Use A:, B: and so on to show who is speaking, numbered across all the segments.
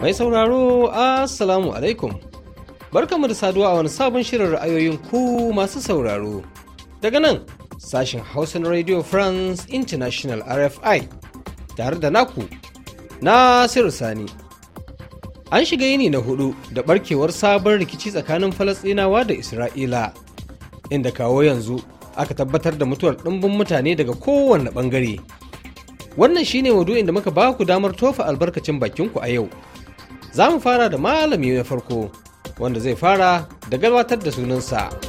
A: Mai sauraro Assalamu alaikum. Barkamu da saduwa a wani sabon shirin ra'ayoyin ku masu sauraro. Daga nan sashen Hausa na Radio France International RFI tare da naku Nasiru Sani. An shiga yini na hudu da barkewar sabon rikici tsakanin Falasɗinawa da Isra'ila, inda kawo yanzu aka tabbatar da mutuwar ɗumbin mutane daga kowane ɓangare. Wannan shi ne maudu'in da muka ba ku damar tofa albarkacin bakinku a yau. Za mu fara da malami na farko, wanda zai fara da gabatar da sunansa.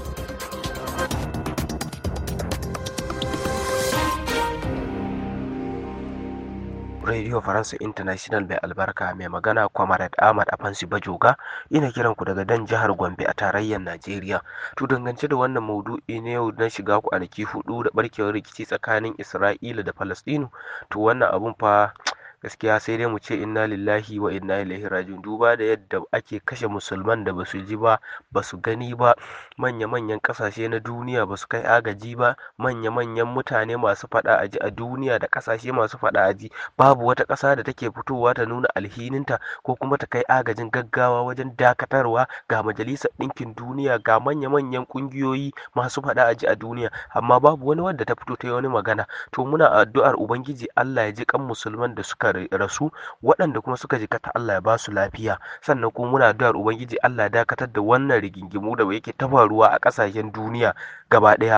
B: Radio France International mai albarka mai magana Comrade Ahmad Afansi Bajoga ina kiran ku daga dan jihar Gombe a tarayyar Najeriya. To dangance da wannan maudu'i na yau na shiga kwanaki hudu da barkewar rikici tsakanin Isra'ila da Falastinu to wannan abun fa gaskiya sai dai mu ce inna lillahi wa inna ilaihi raji'un duba da yadda ake kashe musulman da basu ji ba basu gani ba manya manyan kasashe na duniya basu kai agaji ba manya manyan mutane masu fada ji a duniya da kasashe masu fada ji. babu wata kasa da take fitowa ta nuna alhininta ko kuma ta kai agajin gaggawa wajen dakatarwa ga majalisar ɗinkin duniya ga manya manyan kungiyoyi masu fada ji a duniya amma babu wani wanda ta fito ta yi wani magana to muna addu'ar ubangiji Allah ya ji kan musulman da suka suka rasu waɗanda kuma suka ji kata Allah ya ba su lafiya sannan kuma muna da ubangiji Allah ya dakatar da wannan rigingimu da yake ta faruwa a ƙasashen duniya gaba ɗaya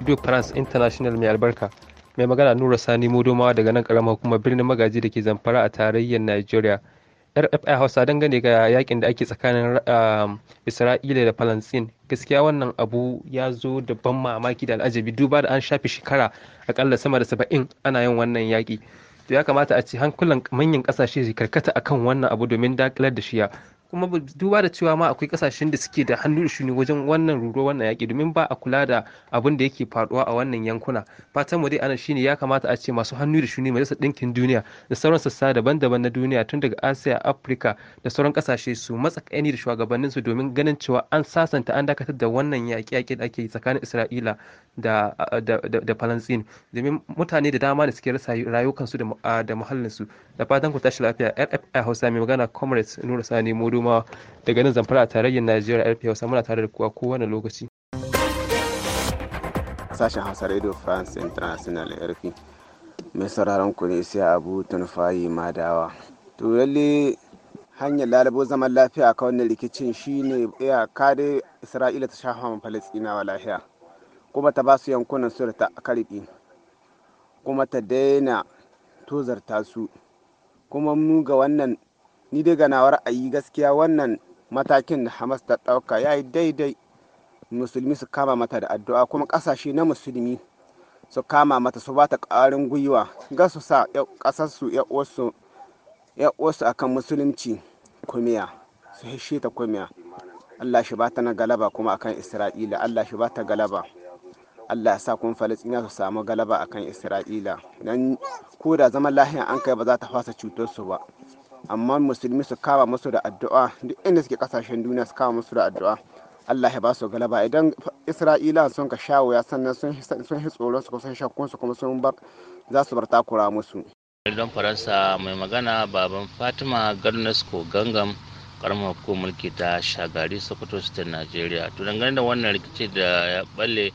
C: Radio France International mai albarka mai magana Nura Sani Modomawa daga nan karamar kuma birnin Magaji da ke Zamfara a tarayyar Najeriya rfi hausa dangane ga yakin da ake tsakanin um, isra'ila da palestine gaskiya wannan abu ya zo da ban mamaki da al'ajabi duba da an shafi shekara akalla sama da saba'in ana yin wannan yaki to ya kamata a ce hankulan manyan kasashe su karkata akan wannan abu domin dakilar da shiya kuma duba da cewa ma akwai kasashen da suke da hannu da shuni wajen wannan ruro wannan yaƙi domin ba a kula da abin da yake faduwa a wannan yankuna fatan mu dai ana shine ya kamata a ce masu hannu da shuni majalisar ɗinkin duniya da sauran sassa daban-daban na duniya tun daga asiya afirka da sauran kasashe su matsakaini da shugabannin su domin ganin cewa an sasanta an dakatar da wannan yaƙi-yaƙi da ake tsakanin isra'ila da da falastin domin mutane da dama da suke rasa rayukansu da muhallin su da fatan ku tashi lafiya rfi hausa mai magana comrades nura sani modo Juma daga nan zamfara a tarayyar Najeriya RP Hausa muna tare da kowa kowane lokaci.
D: Sashen Hausa Radio France International RP mai sauraron ku ne sai Abu Tunfayi Madawa. To lalle hanyar lalabo zaman lafiya a wannan rikicin shi shine iyaka dai Isra'ila ta shafa ma falasɗinawa lafiya kuma ta ba su yankunan su da ta karbi kuma ta daina tozarta su kuma mu ga wannan ni dai ga nawar yi gaskiya wannan matakin da hamas ta ɗauka ya yi daidai musulmi su kama mata da addu'a kuma ƙasashe na musulmi su kama mata su ba ta ƙarin gwiwa ga su sa ƙasarsu wasu akan musulunci kumiya su hishe ta kumiya allah shi ba ta na galaba kuma akan isra'ila allah shi ba ta galaba allah sa kuma falastina su samu galaba akan isra'ila don ko da zaman lahiya an kai ba za ta fasa cutarsu ba amma musulmi su kama musu da addu'a duk inda suke kasashen duniya su kama musu da addu'a Allah ya ba su galaba idan Isra'ila sun ka sha wuya sannan sun yi tsoro su kuma sun shakkun su kuma sun bar za su bar takura musu.
E: don Faransa mai magana baban Fatima Garnesco Gangam karamar hukumar mulki ta shagari Sokoto State nigeria To dangane da wannan rikici da ya balle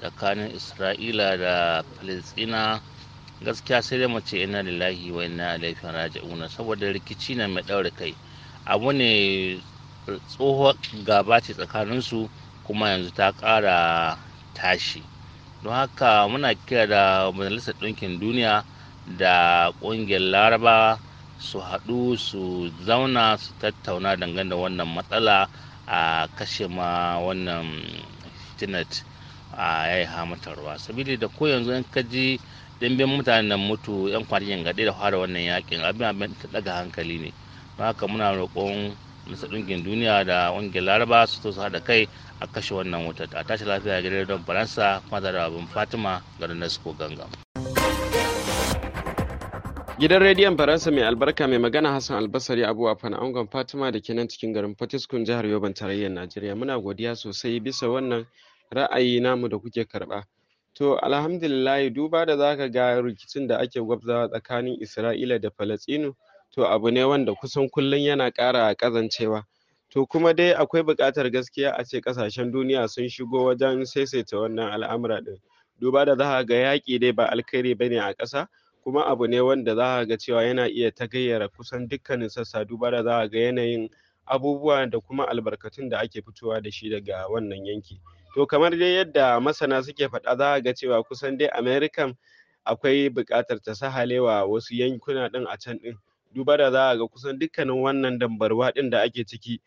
E: tsakanin Isra'ila da Palestina gaskiya sai dai mace ina lillahi wa ina ilaihi raji'una saboda rikici na mai ɗaure kai abu ne tsoho gaba ce tsakaninsu kuma yanzu ta ƙara tashi don haka muna kira da majalisar ɗinkin duniya da ƙungiyar laraba su haɗu su zauna su tattauna dangane da wannan matsala a kashe ma wannan fitinet a yayi hamatarwa sabili da ko yanzu in ka ji dimbin mutanen mutu yan kwanakin gaɗe da fara wannan yakin abin abin ta daga hankali ne don haka muna roƙon nasa ɗungin duniya da ƙungiyar laraba su to su haɗa kai a kashe wannan wuta a tashi lafiya gidan don faransa kuma da abin fatima garin nasko ganga.
F: Gidan rediyon Faransa mai albarka mai magana Hassan Albasari Abuwa Fana Angon Fatima da ke nan cikin garin Fatiskun jihar Yoban tarayyar Najeriya muna godiya sosai bisa wannan ra'ayi namu da kuke karɓa. To, alhamdulillahi duba da zaka ga rikicin da ake gwabzawa tsakanin Isra'ila da falastinu to abu ne wanda kusan kullum yana ƙara ƙazancewa. To kuma dai akwai buƙatar gaskiya a ce ƙasashen duniya sun shigo wajen saisaita wannan al'amura ɗin. Duba da zaka ga yaƙi dai ba alkhairi ba ne a ƙasa, kuma abu ne wanda za ga cewa yana iya ta gayyara kusan dukkanin sassa duba da za ga yanayin abubuwa da kuma albarkatun da ake fitowa da shi daga wannan yanki. to kamar dai yadda masana suke faɗa za a ga cewa kusan dai american akwai buƙatar ta sahalewa wasu yankuna ɗin a can ɗin duba da za ga kusan dukkanin wannan dambarwa ɗin da ake ciki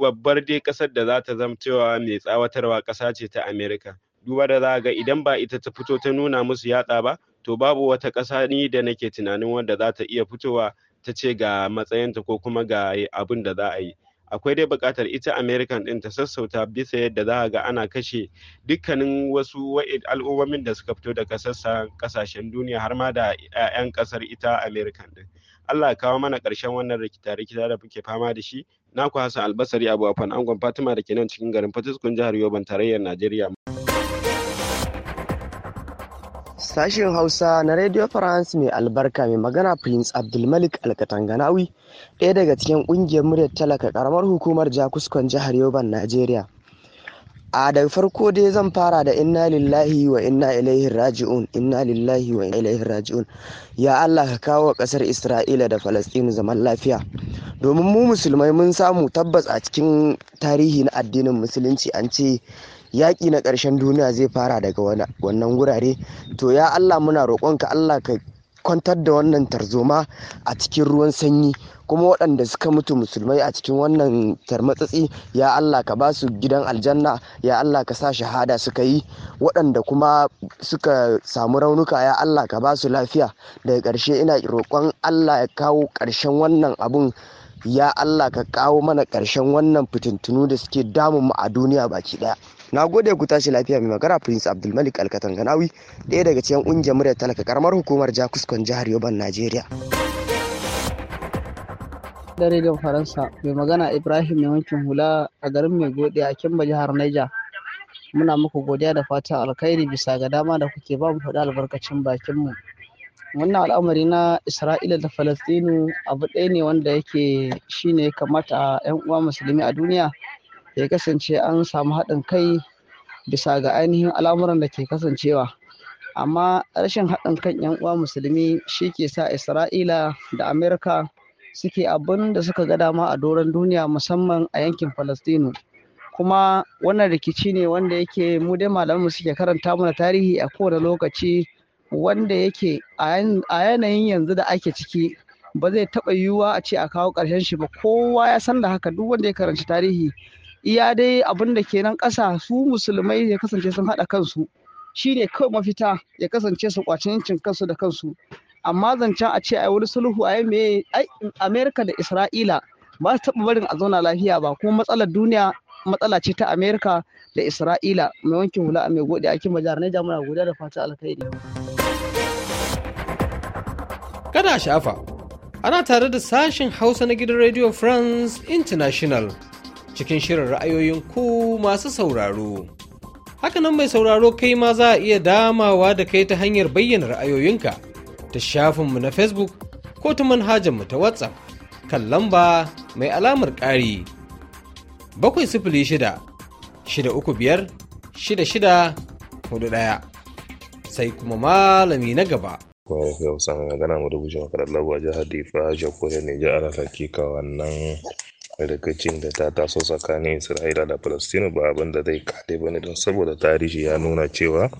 F: babbar dai ƙasar da za ta zama cewa mai tsawatarwa ƙasa ce ta america duba da za ga idan ba ita ta fito ta nuna musu yatsa ba to babu wata ƙasa ni da nake tunanin wanda za ta iya fitowa ta ce ga matsayinta ko kuma ga abin da za a yi akwai dai buƙatar ita american din ta sassauta bisa yadda za a ga ana kashe dukkanin wasu al'ummomin da suka fito daga sassan kasashen duniya har ma da 'ya'yan ƙasar ita american ɗin. Allah ya kawo mana ƙarshen wannan rikita-rikita da muke fama da shi naku Hassan Albasari Abu Afan Angon Fatima da ke nan cikin garin Fatiskun jihar Yoban tarayyar Najeriya.
G: Sashen Hausa na Radio France mai albarka mai magana Prince Abdulmalik Alkatanganawi, ɗaya daga cikin ƙungiyar muryar talaka ƙaramar hukumar Jakuskon jihar Yoban, Najeriya. A da farko dai zan fara da inna lillahi wa inna ilaihi raji'un inna lillahi wa inna ilaihi raji'un ya Allah ka kawo wa ƙasar Isra'ila da Falastinu zaman lafiya. domin mu musulmai mun samu tabbas a cikin tarihi na addinin musulunci an ce yaƙi na ƙarshen duniya zai fara daga wannan wurare to ya allah muna roƙonka allah ka kwantar da wannan tarzoma a cikin ruwan sanyi kuma waɗanda suka mutu musulmai a cikin wannan tarmatsatsi ya Allah ka ba su gidan aljanna ya Allah ka sa shahada suka yi waɗanda kuma suka samu raunuka ya Allah ka ba su lafiya daga ƙarshe ina roƙon Allah ya kawo ƙarshen wannan abun ya Allah ka kawo mana ƙarshen wannan fitintunu da suke damun mu a duniya baki ɗaya na gode ku tashi lafiya mai magana prince abdulmalik alkatanganawi ɗaya daga cikin ƙungiyar muryar talaka karamar hukumar jakuskon jihar yoban najeriya
H: da rediyon faransa mai magana ibrahim mai wankin hula a garin mai gode a kimba jihar niger muna muku godiya da fatan alkhairi bisa ga dama da kuke ba mu faɗi albarkacin bakinmu wannan al'amari na isra'ila da falastinu abu ɗaya ne wanda yake shine kamata 'yan uwa musulmi a duniya ya kasance an samu haɗin kai bisa ga ainihin al'amuran da ke kasancewa amma rashin haɗin kan 'yan uwa musulmi shi ke sa isra'ila da amerika suke abin da suka ga dama a doron duniya musamman a yankin falastinu kuma wannan rikici ne wanda yake mu dai malamanmu suke karanta mana tarihi a kowane lokaci wanda yake a yanayin yanzu da ake ciki ba zai taɓa yiwuwa a ce a kawo ƙarshen shi ba kowa ya san da haka duk wanda ya karanci tarihi iya dai abin da ke ƙasa su musulmai ya kasance sun haɗa kansu shine kawai mafita ya kasance su kwaci yancin kansu da kansu amma zancen a ce a wani sulhu a yi amerika da isra'ila ba su taɓa barin a zauna lafiya ba kuma matsalar duniya matsala ce ta amerika da isra'ila mai wankin hula mai gode a kin bajar naija muna guda da fata alkhairi
A: kada shafa ana tare da sashin hausa na gidan radio france international cikin shirin ra'ayoyin ku masu sauraro. Hakanan mai sauraro kai ma za a iya damawa da kai ta hanyar bayyana ra'ayoyinka ta shafinmu na Facebook ko ta manhajarmu ta WhatsApp kan lamba mai alamar ƙari. Bakwai sifili shida, shida uku biyar, shida shida, hudu ɗaya. Sai kuma malami na gaba.
I: kuma yau san gana mu bujima kaɗan labuwa jihar difa jamhuriyar nijar ana hakika wannan rikicin da ta taso tsakanin isra'ila da palestina ba abin da zai kare ba ne don saboda tarihi ya nuna cewa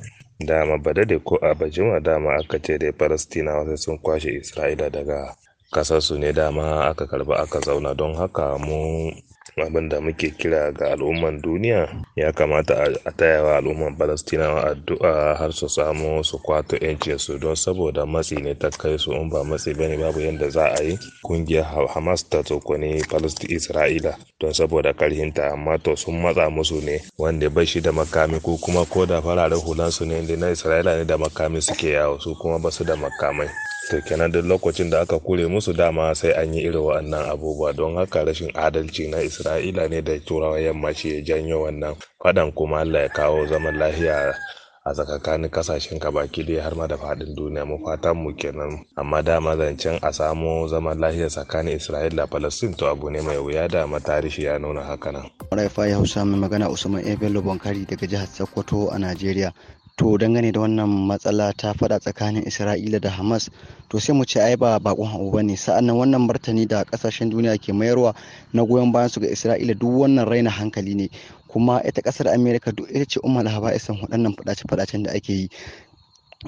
I: dama badade ko a bajima dama aka ce da palestinawa sai sun kwashe isra'ila daga kasarsu ne dama aka karba aka zauna don haka mu abin da muke kira ga al'umman duniya ya kamata a taya tayawa al'umman wa addu'a har su samu su kwato su don saboda matsi ne ta kai su in ba matsi bane babu yadda za a yi kungiyar hamas ta tsokani Palestina, isra'ila don saboda karhinta amma to sun matsa musu ne wanda bai shi da makami ko kuma ko da fararen hulansu ne na isra'ila ne da makami suke yawo su kuma basu da makamai to kenan duk lokacin da aka kure musu dama sai an yi irin wannan abubuwa don haka rashin adalci na isra'ila ne da turawa yamma shi ya janyo wannan fadan kuma allah ya kawo zaman lahiya a tsakakanin kasashen baki dai har ma da faɗin duniya mu fatan mu kenan amma dama zancen a samo zaman lahiya tsakanin isra'ila da palestine to abu ne mai wuya da tarihi ya nuna haka nan.
G: raifa ya hausa mai magana usman ebello bankari daga jihar sokoto a najeriya to dangane da wannan matsala ta faɗa tsakanin isra'ila da hamas to sai mu ce ai ba bakon abu ba ne sa'annan wannan martani da kasashen duniya ke mayarwa na goyon bayan su ga isra'ila duk wannan raina hankali ne kuma ita kasar america duk ita ce umar isan waɗannan faɗace fadacen da ake yi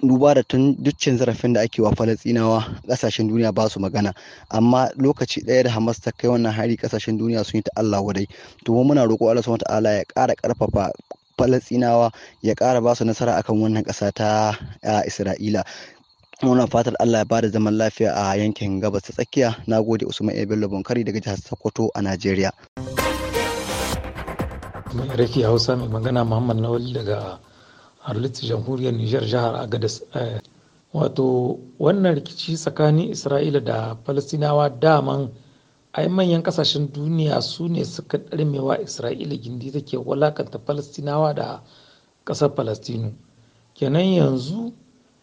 G: duba da tun dukkan zarafin da ake wa falastinawa kasashen duniya ba su magana amma lokaci ɗaya da hamas ta kai wannan hari kasashen duniya sun yi ta allah wadai to muna roƙo allah ta'ala ya ƙara ƙarfafa falastinawa ya kara ba su nasara akan wannan ƙasa ta isra'ila muna fatar Allah ya bada zaman lafiya a yankin gabas ta tsakiya na gode usman bello bonkari daga jihar sokoto a najeriya
J: mai hausa mai magana muhammad nawali daga harlitz jamhuriyar nijar jihar agadas eh, wato wannan rikici tsakanin isra'ila da falastinawa daman ai manyan kasashen duniya su ne suka ɗarmewa isra'ila gindi take walakanta falastinawa da ƙasar falastinu kenan yanzu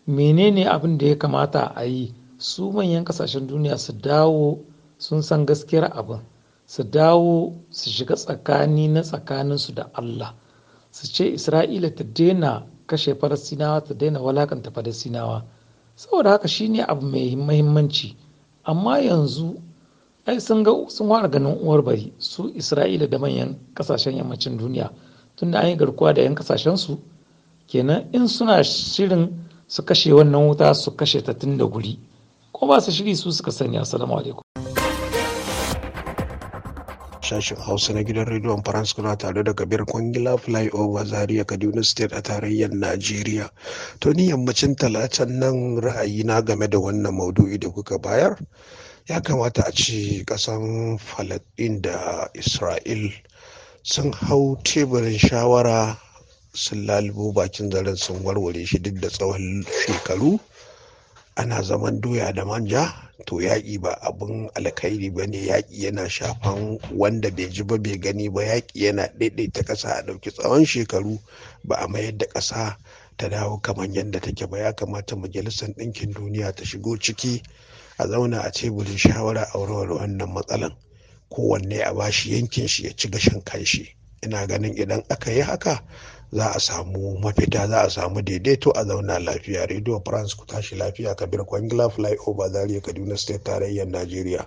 J: menene abin da ya kamata a yi su manyan kasashen duniya su dawo sun san gaskiyar abin su dawo su shiga tsakani na tsakaninsu da allah su ce isra'ila ta daina kashe falastinawa ta daina walakanta falastinawa saboda haka shine abu mai muhimmanci. amma yanzu ai sun ga sun fara ganin uwar bari su isra'ila da manyan kasashen yammacin duniya tunda an yi garkuwa da yan kasashen su kenan in suna shirin su kashe wannan wuta su kashe ta tun da guri ko ba su shiri su suka sani assalamu alaikum sashen hausa na gidan rediyon
K: france kuna tare da kabir kwangila flyover zaria kaduna state a tarayyar nigeria to ni yammacin talatan nan ra'ayi na game da wannan maudu'i da kuka bayar ya kamata a ce ƙasan falasɗin da isra'il sun hau teburin shawara sun lalubo bakin zaren sun warware shi duk da tsawon shekaru ana zaman doya da manja to yaƙi ba abin alkhairi ba ne yaƙi yana shafan wanda bai ji ba bai gani ba yaƙi yana ɗaiɗaita ƙasa a ɗauki tsawon shekaru ba a mayar da ƙasa ta dawo kamar yadda take ba ya kamata majalisar ɗinkin duniya ta shigo ciki a zauna a teburin shawara a warware wannan matsalan kowanne a bashi yankin shi ya ci gashin kanshi ina ganin idan aka yi haka za a samu mafita za a samu daidaito a zauna lafiya radio france ku tashi lafiya kabir kwangila flyover zaria kaduna state tarayyar najeriya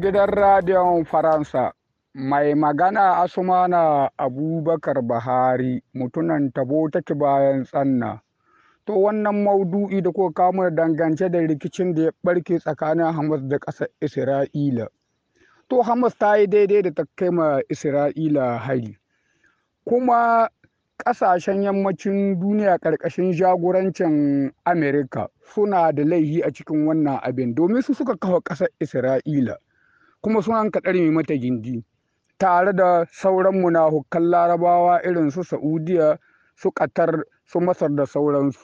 L: gidan radiyon faransa mai magana asumana abubakar bahari mutunan tabo take bayan tsanna To wannan maudu'i da kuka kawo mana dangance da rikicin da ya barke tsakanin Hamas da ƙasar Isra'ila. To Hamas ta yi daidai da ta kai ma Isra'ila hari. Kuma ƙasashen yammacin duniya ƙarƙashin jagorancin Amerika suna da laihi a cikin wannan abin domin su suka kawo ƙasar Isra'ila kuma suna kaɗar mata gindi tare da sauran munafukan larabawa irin su Saudiya su ƙatar su Masar da sauransu.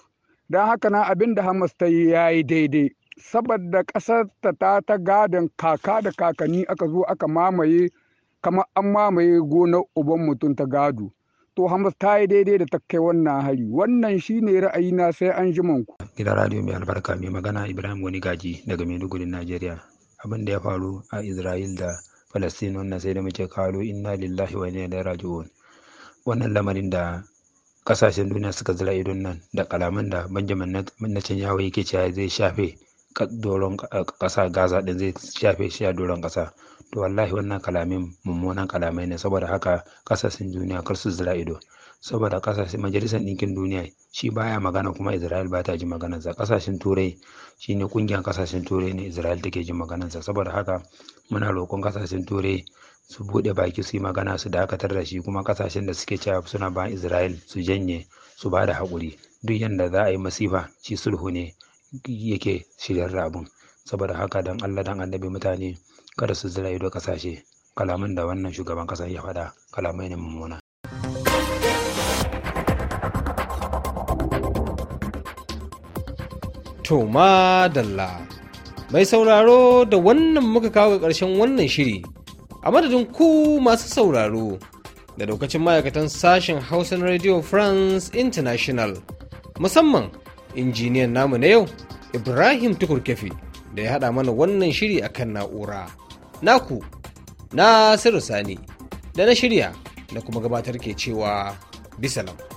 L: don haka na abin da hamas ta yi ya yi daidai saboda ƙasar ta ta ta gadon kaka da kakanni aka zo aka mamaye kamar an mamaye gonar uban mutum ta gado to hamas ta yi daidai da ta kai wannan hari wannan shine na sai an ji manku
M: gidan radio mai albarka mai magana ibrahim wani gaji daga maiduguri nigeria abin da ya faru a isra'il da falastin wannan sai da muke kalo inna lillahi wa inna ilaihi raji'un wannan lamarin da kasashen duniya suka zira idon nan da kalaman da benjamin netanyahu yake cewa zai shafe doron kasa eh, gaza din zai shafe shi a doron kasa to wallahi wannan kalamin mummunan kalamai ne saboda haka kasashen duniya kar su zira ido saboda kasashen majalisar ɗinkin duniya shi baya magana kuma israel ba ta ji maganarsa kasashen turai shine kungiyar kasashen turai ne israel take ji sa saboda haka muna roƙon kasashen turai su buɗe baki su yi magana su dakatar da shi kuma ƙasashen da suke cewa suna ba Isra'il su janye su ba da haƙuri duk yadda za a yi masifa shi sulhu ne yake shirin rabun saboda haka dan Allah dan annabi mutane kada su zira ido kasashe kalamin da wannan shugaban kasa ya faɗa kalamai ne mummuna.
A: To madalla mai sauraro da wannan muka kawo ga ƙarshen wannan shiri a madadin ku masu sauraro da lokacin ma'aikatan sashen hausa na radio france international musamman injiniyan namu na yau ibrahim tukurkefi da ya haɗa mana wannan shiri akan na'ura naku na sani da na shirya da kuma gabatar ke cewa bisalam.